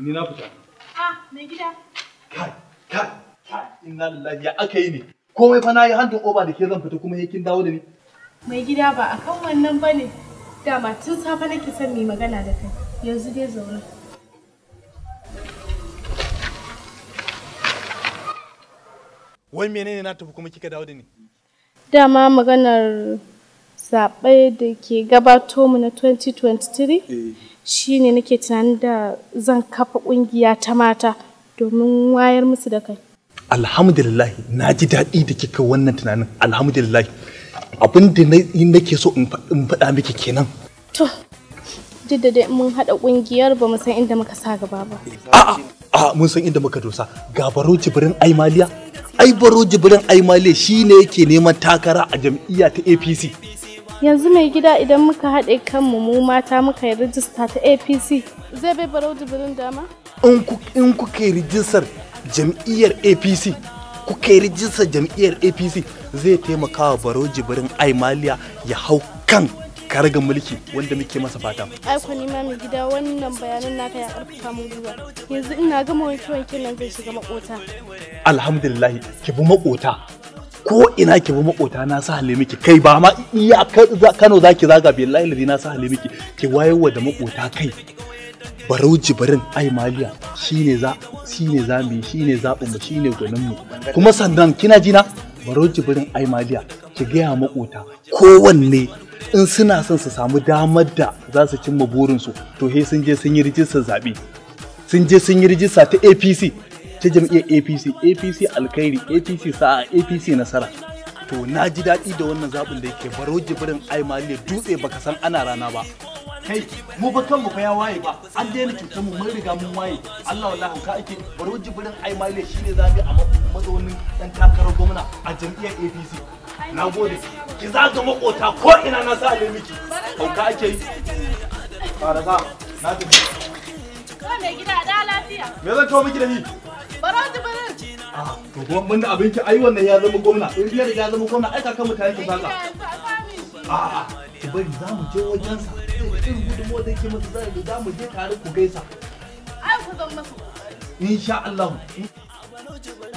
Ni na fita. Ah, mai gida. Kai, kai, kai, inna lillahi ya aka yi ne. Komai fa na yi handin oba da ke zan fita kuma yakin dawo da ni. Mai gida ba akan wannan ba ne. Dama tun safe nake son mai magana da kai. Yanzu dai zauna. Wai menene na tafi kuma kika dawo da ni? Dama maganar zaɓe da ke gabato mu na 2023. Shi ne nake tunanin da zan kafa ƙungiya ta mata domin wayar musu da kai. Alhamdulillah na ji daɗi da kika wannan tunanin alhamdulillah abin da nake so in faɗa miki kenan. To, duk da dai mun haɗa ƙungiyar ba mu san inda muka sa gaba ba. A'a, mun san inda muka dosa ga baro jibirin aimaliya. Ai baro jibirin aimaliya shine yake neman takara a jam'iyya ta APC. yanzu mai gida idan muka haɗe kanmu mu mata muka yi rijista ta apc zai bai barau jibirin dama in kuke rijistar jam'iyyar apc rijistar jam'iyyar apc zai taimaka wa barau jibirin aimaliya ya hau kan karagar mulki wanda muke masa fata. Aiko ni mai gida wannan bayanan naka ya karfafa mu gwiwa. Yanzu ina gama wanke wanke nan zai shiga makota. Alhamdulillah ki bi makota. ko ina ki bi makota na sa hale miki kai ba ma iya Kano zaki zaga billahi ladi na sa hale miki ki wayewa da makota kai barau jibirin ai maliya shine za shine za mu shine za mu shine gwanin mu kuma sannan kina jina, na barau ai maliya ki ga ya makota kowanne in suna son su samu damar da za su cimma burinsu to he sun je sun yi rijistar zaɓe sun je sun yi rijista ta apc ta jam'iyyar apc apc alkhairi apc sa'a apc nasara to na ji daɗi da wannan zaɓin da yake baro jibirin aimaliya dutse baka san ana rana ba kai mu ba kanmu fa ya waye ba an daina cutar mu mun riga mun waye Allah wallahi ka ake baro jibirin ai maliya shine zabi a mazaunin dan takarar gwamna a jam'iyyar apc na gode ki ga makota ko ina na sa ne miki k'a ake yi fara na tafi ko mai gida da lafiya me zan kawo miki da ni Baraji baraji. Ah, to kuma mun da abinci ai wannan ya zama gwamna. In biyar ya zama gwamna ai ka kakan mutane ki saka. a a ki bari za mu je wajensa. Irin gudunmuwa da yake masa zai za mu je tare ku gaisa. Ai ku zan masa. Insha Allah.